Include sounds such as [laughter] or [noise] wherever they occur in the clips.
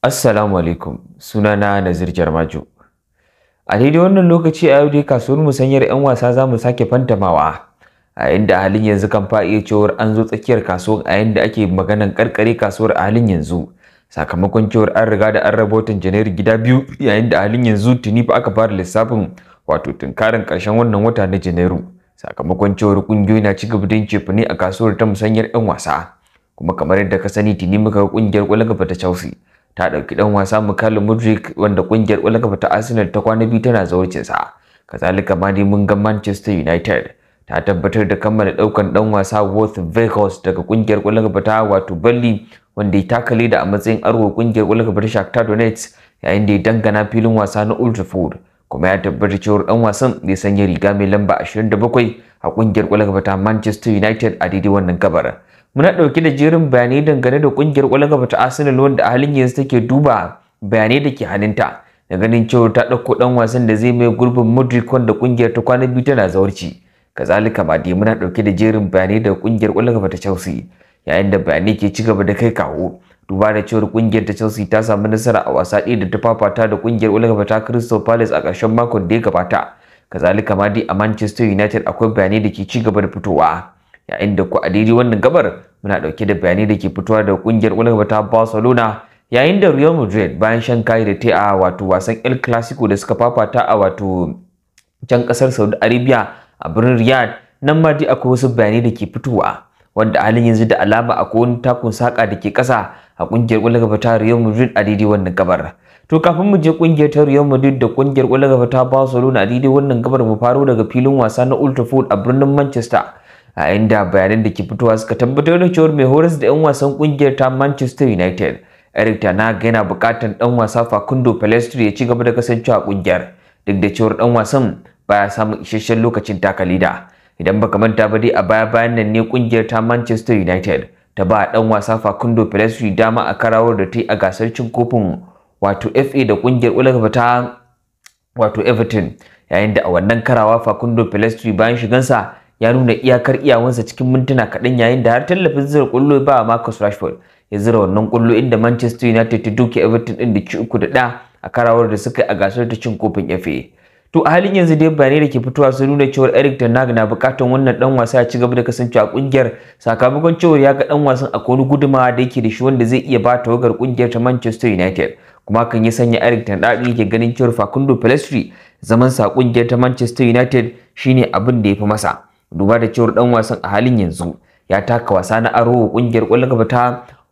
Assalamu alaikum Suna na Nazir Jarmajo A daidai wannan lokaci a yau dai kasuwar musanyar 'yan wasa za mu sake fantamawa a inda a halin yanzu kan fa'iya cewar an zo tsakiyar kasuwar a yanda ake maganan karkare kasuwar a halin yanzu sakamakon cewar an riga da an rabotan janairu gida biyu yayin da a halin yanzu tuni fa aka fara lissafin wato tunkarin karshen wannan wata na janairu sakamakon cewar kungiyoyi na cigaba da yin cefane a kasuwar ta musanyar 'yan wasa kuma kamar yadda ka sani tuni muka ga kungiyar kwallon kafa ta Chelsea ta ɗauki ɗan wasa Mikhail Mudrik wanda ƙungiyar ƙwallon kafa ta Arsenal ta kwana biyu tana sa, Kazalika ma dai mun ga Manchester United ta tabbatar da kammala ɗaukan ɗan wasa Worth Vegas daga ƙungiyar ƙwallon kafa ta wato Burnley wanda ya takale da a matsayin arwo ƙungiyar ƙwallon kafa ta Shakhtar Donetsk yayin da ya dangana filin wasa na Old Trafford. kuma ya tabbata cewar ɗan wasan zai sanya riga mai lamba 27 a ƙungiyar kwallon kafa ta Manchester United a daidai wannan gabar muna ɗauke da jerin bayanai dangane da kungiyar ƙwallon ta Arsenal wanda a halin yanzu take duba bayanai da ke hannunta da ganin cewa ta ɗauko ɗan wasan da zai mai gurbin Modric wanda kungiyar ta kwana biyu tana zawarci. Kazalika ma dai muna ɗauke da jerin bayanai da ƙungiyar ƙwallon ta Chelsea yayin da bayanai ke ci gaba da kai kawo. Duba da cewar ƙungiyar ta Chelsea ta samu nasara a wasa ɗaya da ta fafata da kungiyar ƙwallon ta Crystal Palace a ƙarshen makon da ya gabata. Kazalika ma dai a Manchester United akwai bayanai da ke ci gaba da fitowa. yayin da ku a daidai wannan gabar muna dauke da bayanai da ke fitowa da kungiyar ƙwallon ta Barcelona yayin da Real Madrid bayan shan kayi da ta a wato wasan El Clasico da suka fafata a wato can kasar Saudi Arabia a birnin Riyadh nan ma dai akwai wasu bayanai da ke fitowa wanda halin yanzu da alama a wani takun saka da ke kasa a kungiyar ƙwallon gaba ta Real Madrid a daidai wannan gabar. To kafin mu je kungiyar ta Real Madrid da kungiyar ƙwallon gaba ta Barcelona a daidai wannan gabar mu faro daga filin wasa na Old Trafford a birnin Manchester a inda bayanan da ke fitowa suka tabbatar da cewar mai horas da 'yan wasan kungiyar ta Manchester United Eric naga yana buƙatar ɗan wasa Facundo Pellistri ya ci gaba da kasancewa a kungiyar duk da cewar ɗan wasan baya samun isasshen lokacin taka lida idan baka manta ba dai a baya bayan nan ne kungiyar ta Manchester United ta ba ɗan wasa Facundo Pellistri dama a karawar da ta a gasar cin kofin wato FA da kungiyar Ulrika ta wato Everton yayin da a wannan karawa Facundo Pellistri bayan shigansa ya nuna iyakar iyawansa cikin mintuna kaɗan yayin da har tallafin zira ƙullo ba a Marcus Rashford ya zira wannan ƙullo inda Manchester United ta duke Everton din da ci uku da ɗa a karawar da suka yi a gasar ta cin kofin FA. To a halin yanzu dai bayanai da ke fitowa sun nuna cewa Eric Ten Hag na bukatar wannan dan wasa ya ci gaba da kasancewa a kungiyar sakamakon cewa ya ga dan wasan akwai wani gudumawa da yake da shi wanda zai iya ba ta tawagar kungiyar ta Manchester United. Kuma kan ya sanya Eric Ten Hag yake ganin cewa Facundo Pelestri zaman sa kungiyar ta Manchester United shine abin da ya fi masa. duba da cewar dan wasan a halin yanzu ya taka wasa na aro kungiyar kwallon gaba ta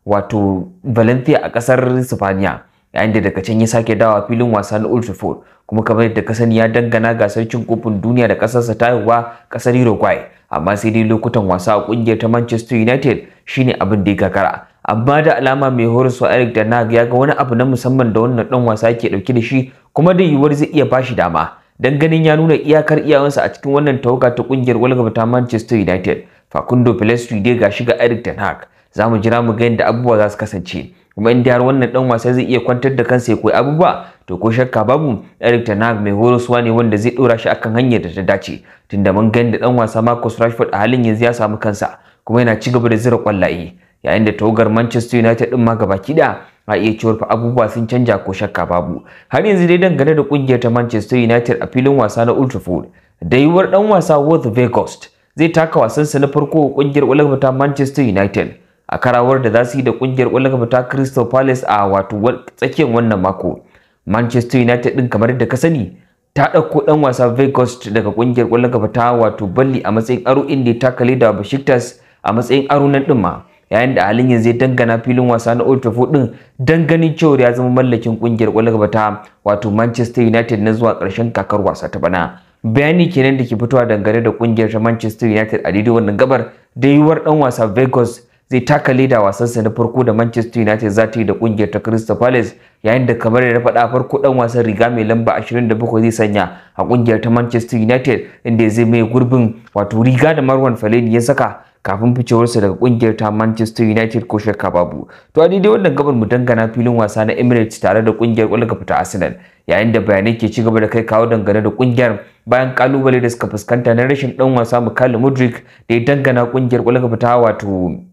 wato Valencia a kasar Sifaniya yayin da daga can ya sake dawo filin wasa na Old Trafford kuma kamar yadda ka sani ya dangana gasar cin kofin duniya da kasarsa ta yiwa kasar Uruguay amma sai dai lokutan wasa a kungiyar ta Manchester United shine abin da ya kakara amma da alama mai horaswa Eric Ten Hag ya ga wani abu na musamman da wannan dan wasa yake dauke da shi kuma da yiwuwar zai iya bashi dama don ganin ya nuna iyakar iyawansa a cikin wannan tawaga ta kungiyar walgaba ta Manchester United. Facundo Pelestri dai gashi ga Eric Ten Hag. Za mu jira mu ga inda abubuwa za su kasance. Kuma in har wannan dan wasa zai iya kwantar da kansa ya koyi abubuwa to ko shakka babu Eric Ten Hag mai horoswa ne wanda zai dora shi akan hanyar da ta dace. Tunda mun ga da dan wasa Marcus Rashford a halin yanzu ya samu kansa kuma yana ci gaba da zira kwallaye. Yayin da tawagar Manchester United din ma gaba ɗaya. a iya cewar fa abubuwa sun canja ko shakka babu har yanzu dai dangane da kungiyar ta Manchester United a filin wasa na Old Trafford da yiwuwar dan wasa Worth Vegost zai taka wasan sa na farko kungiyar Olympic ta Manchester United a karawar da za su yi da kungiyar Olympic ta Crystal Palace a wato tsakiyar wannan mako Manchester United din kamar da ka sani ta ɗauko ɗan wasa Vegost daga ƙungiyar ƙwallon ta wato Balli a matsayin aro inda ta kale da Besiktas a matsayin aro na ɗin ma yayin da halin yanzu ya dangana filin wasa na Old Trafford din dan ganin cewa ya zama mallakin kungiyar kwallon ta wato Manchester United na zuwa karshen kakar wasa ta bana bayani kenan da ke fitowa dangane da kungiyar ta Manchester United a daidai wannan gabar da yiwuwar dan wasa Vegas zai taka leda wasansa na farko da Manchester United za ta yi da kungiyar ta Crystal Palace yayin da kamar ya faɗa farko dan wasan riga mai lamba 27 zai sanya a kungiyar ta Manchester United inda zai mai gurbin wato riga da Marwan Fellaini ya saka kafin ficewarsa daga kungiyar ta Manchester United ko shakka babu. To a daidai wannan gabar mu dangana filin wasa na Emirates tare da kungiyar kwallon kafa ta Arsenal yayin da bayanai ke ci gaba da kai kawo dangane da kungiyar bayan kalubale da suka fuskanta na rashin dan wasa Mikel Mudrik da ya dangana kungiyar kwallon kafa ta wato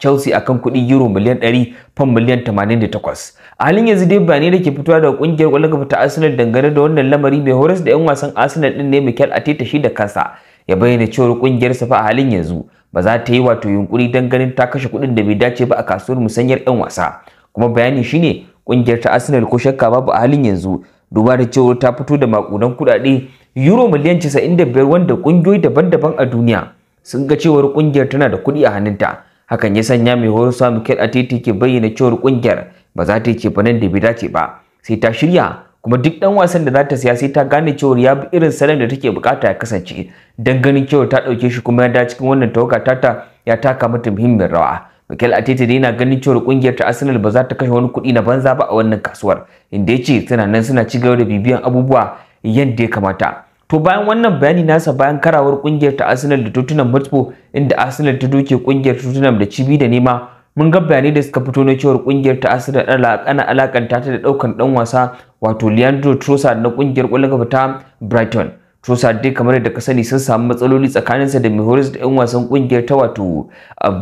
Chelsea akan kuɗi euro miliyan 100 fam miliyan 88. A halin yanzu dai bayanai da ke fitowa daga kungiyar kwallon kafa ta Arsenal dangane da wannan lamari mai horas da 'yan wasan Arsenal din ne Mikel Arteta shi da kansa ya bayyana cewar kungiyar sa a halin yanzu ba za ta yi wato yunkuri don ganin ta kashe kuɗin da bai dace ba a kasuwar musanyar 'yan wasa kuma bayani shine ƙungiyar ta arsenal ko shakka babu a halin yanzu duba da cewa ta fito da makudan kuɗaɗe euro miliyan 95 wanda ƙungiyoyi daban-daban a duniya sun ga cewar ƙungiyar tana da kuɗi a hannunta hakan ya sanya mai horon sa Mikel Arteta ke bayyana cewar kungiyar ba za ta yi ce cefanen da bai dace ba sai ta shirya kuma duk dan wasan da za ta siya sai ta gane cewa ya bi irin salon da take bukata ya kasance dan ganin cewa ta dauke shi kuma ya da cikin wannan tawaga tata ya taka mata muhimmin rawa Mikel Arteta dai yana ganin cewa kungiyar ta Arsenal ba za ta kashe wani kuɗi na banza ba a wannan kasuwar inda yace tana nan suna ci gaba da bibiyan abubuwa yadda ya kamata to bayan wannan bayani nasa bayan karawar kungiyar ta Arsenal da Tottenham Hotspur inda Arsenal ta doke kungiyar Tottenham da cibi da nema mun ga bayanai da suka fito na cewar kungiyar ta Arsenal ana alakanta ta da daukan dan wasa wato Leandro Trossard na kungiyar kwallon kafa ta Brighton Trossard dai kamar da ka sani sun samu matsaloli tsakaninsa da Mihoris da yan wasan kungiyar ta wato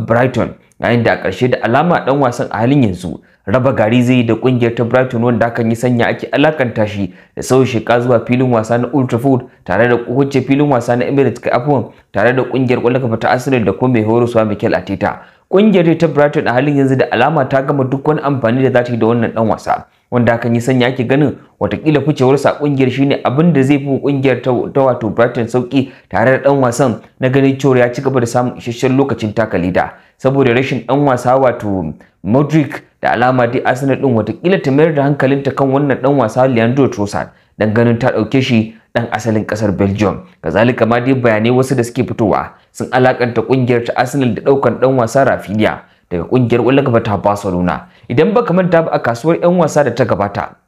Brighton yayin da a ƙarshe da alama dan wasan a halin yanzu raba gari zai da kungiyar ta Brighton wanda hakan yi sanya ake alakanta shi da sau sheka zuwa filin wasa na Old Trafford tare da kuhuce filin wasa na Emirates Cup tare da kungiyar kwallon kafa ta Arsenal da kuma Mihoris wa Mikel Arteta Ƙungiyar ta Brighton a halin yanzu da alama ta gama duk wani amfani da za ta yi da wannan dan wasa wanda hakan ya sanya ake ganin watakila ficewarsa kungiyar shine abin da zai fi kungiyar ta wato Brighton sauki tare da dan wasan na ganin cewa ya ci gaba da samun isasshen lokacin taka da saboda rashin dan wasa wato Modric da alama dai Arsenal din watakila ta mayar da hankalinta kan wannan dan wasa Leandro Trossard dan ganin ta dauke shi dan asalin kasar Belgium. Kazalika ma dai bayanai wasu da suke fitowa sun alakanta kungiyar ta Arsenal da ɗaukar dan wasa Rafinha daga kungiyar ƙwallon ta Barcelona. Idan baka manta ba a kasuwar 'yan wasa da ta gabata,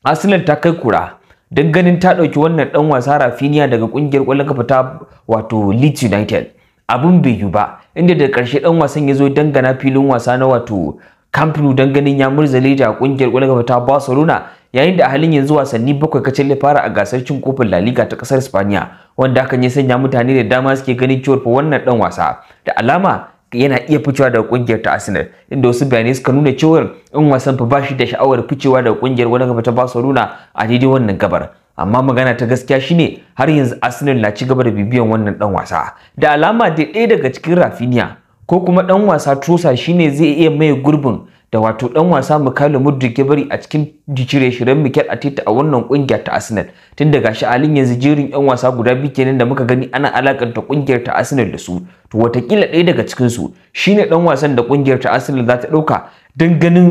Arsenal ta kai kura don ganin ta ɗauki wannan ɗan wasa Rafinha daga kungiyar ƙwallon ta wato Leeds United. Abun bai yiwu ba, inda da ƙarshe ɗan wasan ya zo dangana filin wasa na wato Camp Nou don ganin ya murzale da kungiyar ƙwallon ta Barcelona yayin da a halin yanzu wasanni bakwai kacal ya fara a gasar cin kofin La Liga ta kasar Spaniya wanda hakan ya sanya mutane da dama suke ganin cewa fa wannan dan wasa da alama yana iya ficewa daga kungiyar ta Arsenal inda wasu bayanai suka nuna cewar in wasan fa bashi da sha'awar ficewa daga kungiyar wani gaba ta Barcelona a daidai wannan gabar amma magana ta gaskiya shine har yanzu Arsenal na ci gaba da bibiyan wannan dan wasa da alama dai ɗaya daga cikin Rafinha ko kuma dan wasa Trossard shine zai iya mai gurbin da wato dan wasa Mikhailo Mudrik bari a cikin jikire shiryen Mikel Arteta a wannan kungiya ta Arsenal tun daga shi halin yanzu jerin yan wasa guda biyu kenan da muka gani ana alakanta kungiyar ta Arsenal da su to watakila ɗaya daga cikin su shine dan wasan da kungiyar ta Arsenal za ta dauka dan ganin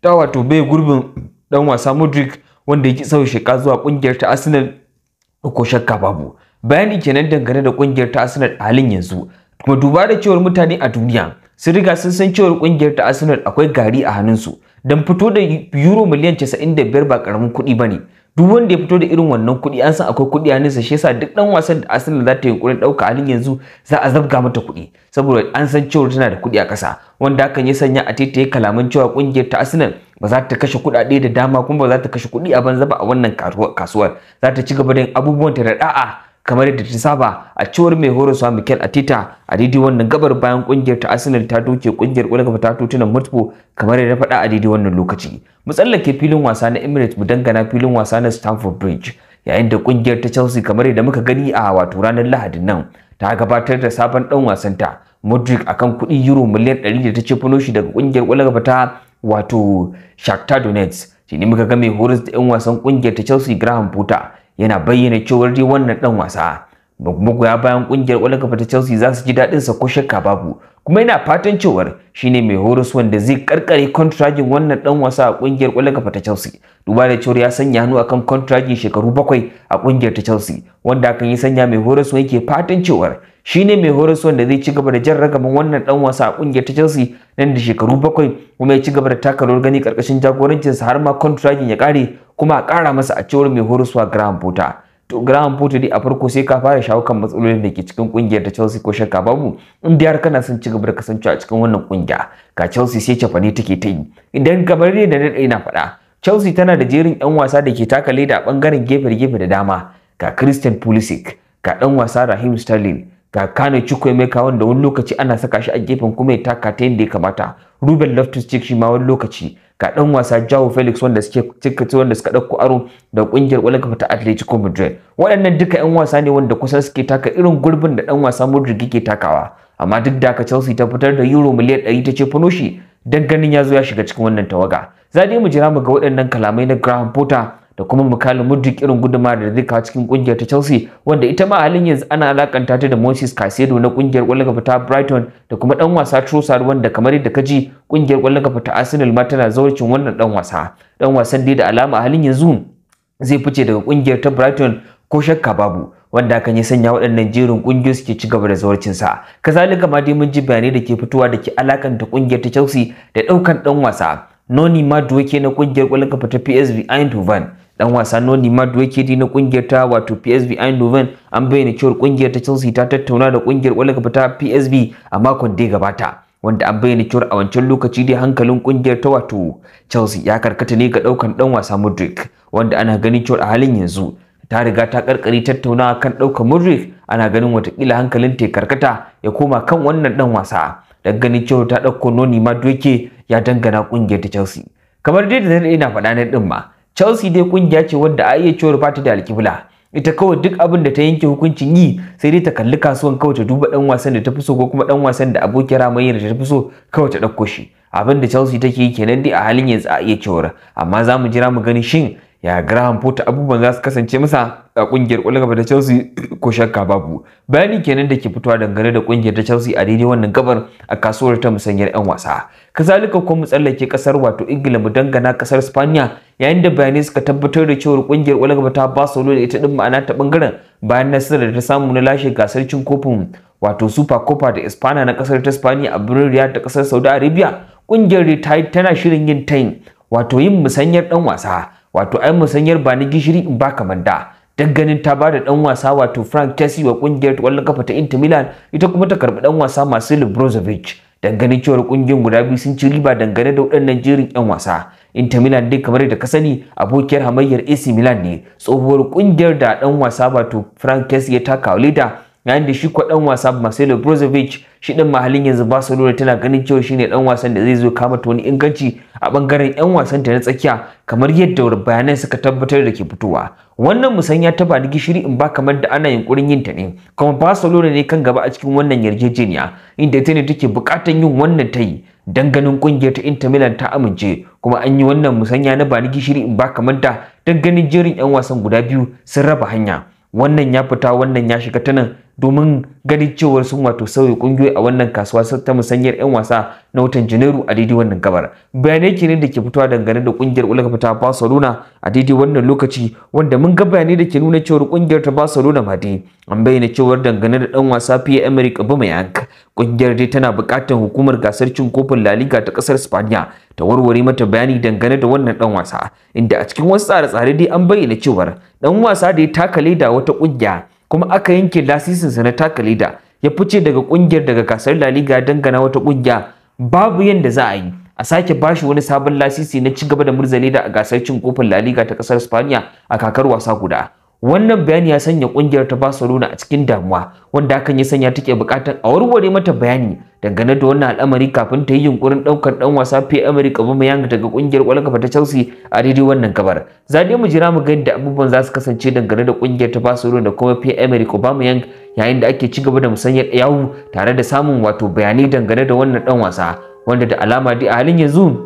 ta wato bai gurbin dan wasa Mudrik wanda yake sau sheka zuwa kungiyar ta Arsenal ko shakka babu bayani kenan dangane da kungiyar ta Arsenal a halin yanzu kuma duba da cewar mutane a duniya sun riga sun san cewar kungiyar ta Arsenal akwai gari a hannunsu don fito da euro miliyan 95 ba karamin kuɗi bane duk wanda ya fito da irin wannan kuɗi an san akwai kuɗi a nesa shi yasa duk dan wasan da Arsenal za ta yi kuɗin ɗauka halin yanzu za a zabga mata kuɗi saboda an san cewa tana da kuɗi a ƙasa wanda hakan ya sanya a taitaye kalaman cewa kungiyar ta Arsenal ba za ta kashe kuɗaɗe da dama kuma ba za ta kashe kuɗi a banza ba a wannan kasuwar za ta ci gaba da abubuwan ta da da'a kamar yadda ta saba a cewar mai horaswa Mikel Atita a didi wannan gabar bayan kungiyar ta Arsenal ta doke kungiyar ƙwallon gaba ta Tottenham mutbo kamar yadda faɗa a didi wannan lokaci mu tsallake filin wasa na Emirates mu dangana filin wasa na Stamford Bridge yayin da kungiyar ta Chelsea kamar yadda muka gani a wato ranar Lahadin nan ta gabatar da sabon dan wasan ta. Modric akan kuɗi euro miliyan 100 da ta ce shi daga kungiyar ƙwallon gaba ta wato Shakhtar Donetsk shi ne muka ga mai horas da 'yan wasan kungiyar ta Chelsea Graham Potter yana bayyana cewar dai wannan dan wasa magoya bayan kungiyar ƙwallon fata ta Chelsea za su ji daɗin sa ko shakka babu kuma yana fatan cewar shine mai horus wanda zai karkare kontragin wannan dan wasa a kungiyar ƙwallon fata ta Chelsea duba da cewar ya sanya hannu akan kontragin shekaru bakwai a kungiyar ta Chelsea wanda hakan ya sanya mai horus yake fatan cewar shine mai horus wanda zai ci gaba da jan ragaman wannan dan wasa a kungiyar ta Chelsea nan da shekaru bakwai kuma ya ci gaba da taka rawar gani karkashin sa har ma kontragin ya kare kuma a kara masa a cewar mai horoswa Graham Potter to Graham Potter a farko sai ka fara shawo kan matsalolin da ke cikin kungiyar ta Chelsea ko shakka babu in dai har kana son ci gaba da kasancewa a cikin wannan kungiya ga Chelsea sai cafane take ta yi idan kamar ne da dade na faɗa Chelsea tana da jerin ƴan wasa da ke taka leda a bangaren gefe da gefe da dama ga Christian Pulisic ga dan wasa Raheem Sterling ga mai Chukwuemeka wanda wani lokaci ana saka shi a gefen kuma ya taka ta yadda ya kamata Ruben Loftus-Cheek shi ma wani lokaci ga dan wasa jao Felix wanda suke cikkace wanda suka dauko aro da kungiyar ƙwallon ta Atletico Madrid waɗannan duka yan wasa ne wanda kusan suke taka irin gurbin da ɗan wasa Modric yake takawa amma duk da haka Chelsea ta fitar da euro miliyan 100 ta ce funoshi dan ganin ya zo ya shiga cikin wannan tawaga za dai mu jira mu ga waɗannan kalamai na Graham Potter da kuma Mikhail Mudrik irin guduma da zai kawo cikin kungiyar ta Chelsea wanda ita ma halin yanzu ana alakanta ta da Moses Caicedo na kungiyar ƙwallon kafa ta Brighton da kuma dan wasa Trossard wanda kamar yadda kaji kungiyar ƙwallon kafa ta Arsenal ma tana zaurucin wannan dan wasa dan wasan dai da alama halin yanzu zai fice daga kungiyar ta Brighton ko shakka babu wanda kan ya sanya waɗannan jerin ƙungiyoyi suke ci gaba da zawarcin sa kazalika ma dai mun ji bayanai da ke fitowa da ke alakanta kungiyar ta Chelsea da daukan dan wasa Noni Madueke na kungiyar ƙwallon kafa ta PSV Eindhoven dan wasa Noni di na kungiyar ta wato PSV Eindhoven an bayyana cewa kungiyar ta Chelsea ta tattauna da kungiyar wallaka fita ta PSV a makon da gabata wanda an bayyana cewa a wancan lokaci dai hankalin kungiyar ta wato Chelsea ya karkata ne ga daukan dan wasa Mudrik wanda ana ganin cewa a halin yanzu ta riga ta karkari tattauna kan ɗaukar Mudrik ana ganin watakila hankalin ta karkata ya koma kan wannan dan wasa dan ganin cewa ta dauko Noni yake ya dangana kungiyar ta Chelsea kamar dai da ina faɗa na din ma Chelsea dai kungiya ce wadda a iya cewar ba ta da alƙibla ita kawai duk abin da ta yanke hukuncin yi sai dai ta kalli kasuwan kawai ta duba dan wasan da ta fi so ko kuma dan wasan da abokin ramayya da ta fi so kawai ta ɗauko shi abin da Chelsea take yi kenan dai a halin yanzu a iya cewar amma za mu jira mu gani shin ya Graham Potter abubuwan za su kasance masa a kungiyar ƙwallon gaba ta Chelsea [coughs] ko shakka babu bayani kenan da ke fitowa dangane da kungiyar ta Chelsea a daidai wannan gabar a kasuwar ta musanyar 'yan wasa kazalika kuma mu tsallake kasar wato Ingila mu dangana kasar Spaniya yayin da bayanai suka tabbatar da cewar kungiyar walaka ta ba su da ita din ma'ana ta bangaren bayan nasarar da ta samu na lashe gasar cin kofin wato Super Copa da Espana na kasar ta Spain a birnin Riyadh ta kasar Saudi Arabia kungiyar ta tana shirin yin tayin wato yin musanyar dan wasa wato ai musanyar ba ni gishiri in ba kamar da dan ganin ta da dan wasa wato Frank chelsea wa kungiyar walaka kafa ta Inter Milan ita kuma ta karbi dan wasa Marcelo Brozovic dangane cewar kungiyar guda biyu sun ci riba dangane da waɗannan jerin 'yan wasa inter milan dai kamar yadda ka sani abokiyar hamayyar ac milan ne tsohuwar kungiyar da ɗan wasa wato frankes ya taka leda yayin da shi ko dan wasa Marcelo Brozovic shi din mahalin yanzu Barcelona tana ganin cewa shine dan wasan da zai zo kama ta wani inganci a bangaren yan wasan ta na tsakiya kamar yadda bayanai suka tabbatar da ke fitowa wannan musanya ta ba gishiri in ba kamar da ana yunkurin yin ta ne kuma Barcelona ne kan gaba a cikin wannan yarjejeniya inda ta ne take bukatan yin wannan ta yi dan ganin kungiyar ta Inter Milan ta amince kuma an yi wannan musanya na ba gishiri in ba kamar da dan ganin jerin yan wasan guda biyu sun raba hanya wannan ya fita wannan ya shiga ta nan domin ganin cewar sun wato sauye kungiyoyi a wannan kasuwa ta musanyar 'yan wasa na watan janairu a daidai wannan gabar bayanai kenan da ke fitowa dangane da kungiyar ulaka ta barcelona a daidai wannan lokaci wanda mun ga bayanai da ke nuna cewar kungiyar ta barcelona ma dai an bayyana cewar dangane da dan wasa fiye emerick aubameyang kungiyar dai tana buƙatar hukumar gasar cin kofin la liga ta ƙasar spaniya ta warware mata bayani dangane da wannan dan wasa inda a cikin wasu tsare-tsare dai an bayyana cewar dan wasa da ya taka leda wata kungiya kuma aka yanke lasisinsa na taka leda ya fice daga kungiyar daga gasar La Liga dangana wata kungiya babu yanda za a yi a sake bashi wani sabon lasisi na ci gaba da murzali da a gasar cin kofin La Liga ta kasar Spaniya a kakar wasa guda wannan bayani ya sanya kungiyar ta Barcelona a cikin damuwa wanda hakan ya sanya take bukatar a warware mata bayani dangane da wannan al'amari kafin ta yi yunkurin ɗaukar dan wasa Pierre ba mayanga daga kungiyar kwallon ta Chelsea a daidai wannan gabar za dai mu jira mu ga yadda abubuwan za su kasance dangane da kungiyar ta Barcelona da kuma Pierre ba mayanga yayin da ake ci gaba da musanyar yawu tare da samun wato bayanai dangane da wannan dan wasa wanda da alama dai a halin yanzu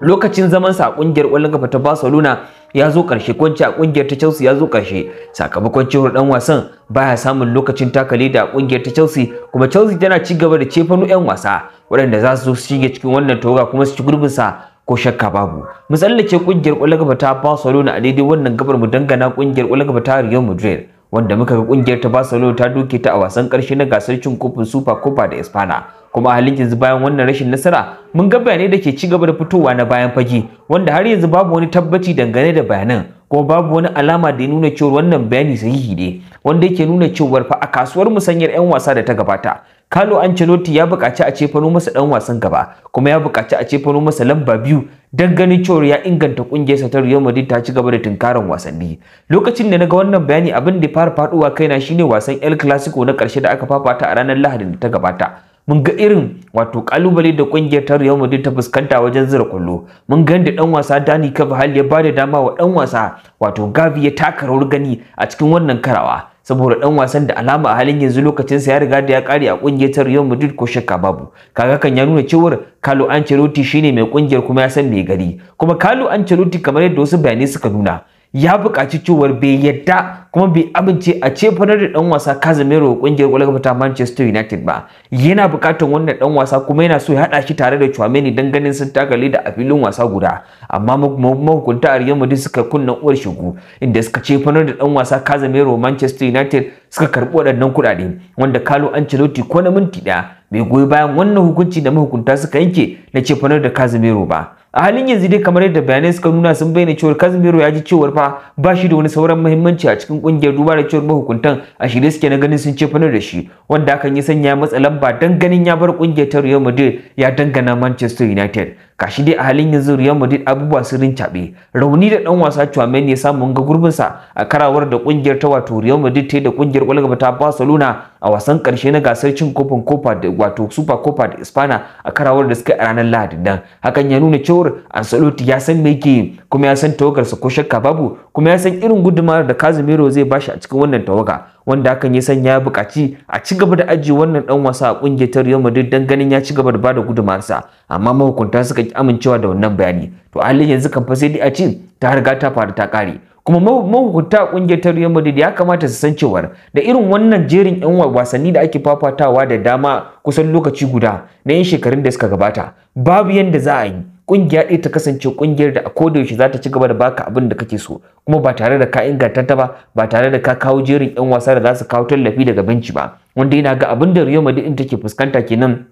lokacin zamansa a kungiyar kwallon kafa ta Barcelona ya zo ƙarshe kwanci a ƙungiyar ta Chelsea ya zo ƙarshe sakamakon cewar dan wasan baya samun lokacin takali da ƙungiyar ta Chelsea kuma Chelsea tana ci gaba da cefanu 'yan wasa waɗanda za su shige cikin wannan tawaga kuma su ci sa ko shakka babu mu tsallake ƙungiyar ƙwallon gaba ta Barcelona a daidai wannan gabar mu dangana ƙungiyar ƙwallon gaba ta Real Madrid wanda muka ga ƙungiyar ta Barcelona ta doke ta a wasan ƙarshe na gasar cin kofin Super Copa da Espana kuma halin yanzu bayan wannan rashin nasara mun ga bayanai da ke ci gaba da fitowa na bayan fage wanda har yanzu babu wani tabbaci dangane da bayanan kuma babu wani alama da ya nuna cewa wannan bayani sahihi ne wanda yake nuna cewa fa a kasuwar musanyar 'yan wasa da ta gabata Carlo Ancelotti ya buƙaci a cefano masa ɗan wasan gaba kuma ya buƙaci a cefa masa lamba biyu don ganin cewa ya inganta ƙungiyarsa ta Real Madrid ta ci gaba da tunkaran wasanni. Lokacin da naga wannan bayani abin da ya fara faɗuwa kaina shine wasan El Clasico na ƙarshe da aka fafata a ranar Lahadin da ta gabata mun ga irin wato kalubale da kungiyar ta Real Madrid ta fuskanta wajen zira kwallo, mun ga da dan wasa Dani Carvajal ya bada dama wa dan wasa wato Gavi ya taka rawar gani a cikin wannan karawa saboda dan wasan da alama a halin yanzu lokacin sa ya riga da ya kare a kungiyar ta Real Madrid ko shakka babu kaga kan ya nuna cewa Carlo Ancelotti shine mai kungiyar kuma ya san mai gari kuma Carlo Ancelotti kamar yadda wasu bayanai suka nuna ya buƙaci cewar bai yadda kuma bai amince a ce da ɗan wasa Casemiro ƙungiyar ƙwallon ta Manchester United ba yana buƙatar wannan ɗan wasa kuma yana so ya haɗa shi tare da Chouameni dan ganin sun taka da a filin wasa guda amma mahukunta a Real Madrid suka kunna uwar shigo inda suka ce da ɗan wasa Casemiro Manchester United suka karbi waɗannan kuɗaɗe wanda Carlo Ancelotti ko na minti ɗaya bai goyi bayan wannan hukunci da mahukunta suka yanke na ce da Casemiro ba a halin yanzu dai kamar yadda bayanai suka nuna sun bayyana cewar kazmiro ya ji cewar fa ba shi da wani sauran muhimmanci a cikin kungiyar duba da cewar mahukuntan a shirye suke na ganin sun ce fanar da shi wanda hakan ya sanya matsa lamba dan ganin ya bar kungiyar ta Real Madrid ya dangana Manchester United kashi dai a halin yanzu Real Madrid abubuwa sun rincaɓe rauni da dan wasa Chouameni ya samu ga gurbin sa a karawar da kungiyar ta wato Real Madrid ta da kungiyar kwalgaba ta Barcelona a wasan karshe na gasar cin kofin Copa da wato Super Copa da Espana a karawar da suka a ranar Lahadi Dan, hakan ya nuna cewa Ancelotti ya san me yake kuma ya san tawagarsa ko shakka babu kuma ya san irin gudumar da Casemiro zai bashi a cikin wannan tawaga wanda hakan ya sanya ya buƙaci a ci gaba da aji wannan ɗan wasa a ƙungiyar ta Real Madrid dan ganin ya ci gaba da bada sa amma mahukunta suka ki amincewa da wannan bayani to a halin yanzu kan fa sai dai a ce ta riga ta faru ta ƙare kuma mahukunta a ƙungiyar ta Real Madrid ya kamata su san cewar da irin wannan jerin yan wasanni da ake fafatawa da dama kusan lokaci guda na yin shekarun da suka gabata babu yanda za a yi kungiya ɗaya ta kasance kungiyar da a koda yaushe za ta ci gaba da baka abin da kake so kuma ba tare da ka inganta ta ba ba tare da ka kawo jerin yan wasa da za su kawo tallafi daga benci ba wanda yana ga abin da Real Madrid take fuskanta kenan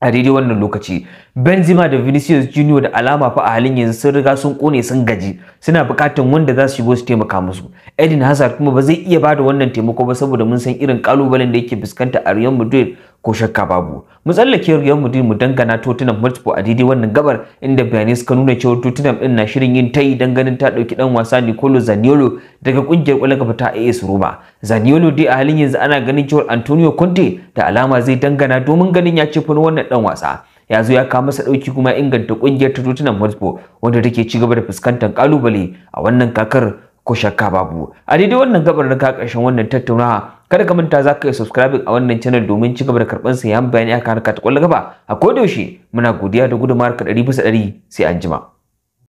a daidai wannan lokaci Benzema da Vinicius Junior da alama fa a halin yanzu sun riga sun kone sun gaji suna bukatan wanda za su shigo su taimaka musu Eden Hazard kuma ba zai iya ba da wannan taimako ba saboda mun san irin kalubalen da yake fuskanta a Real Madrid ko shakka babu mu tsallake Real Madrid mu dangana Tottenham Hotspur a daidai wannan gabar inda bayanai suka nuna cewa Tottenham din na shirin yin tayi dan ganin ta dauki dan wasa Nicolo Zaniolo daga kungiyar kwallon kafa ta AS Roma Zaniolo dai a halin yanzu ana ganin cewa Antonio Conte da alama zai dangana domin ganin ya ce fa wannan wannan dan wasa ya zo ya kawo masa dauki kuma inganta kungiyar ta Tottenham Hotspur wanda take ci gaba da fuskantar kalubale a wannan kakar ko shakka babu a daidai wannan gabar na karshen wannan tattaunawa kada ka manta za ka yi subscribe a wannan channel domin ci gaba da karɓar sayan bayani akan harka ta kwallo gaba a kodayaushe muna godiya da gudumar ka ɗari bisa ɗari sai anjima.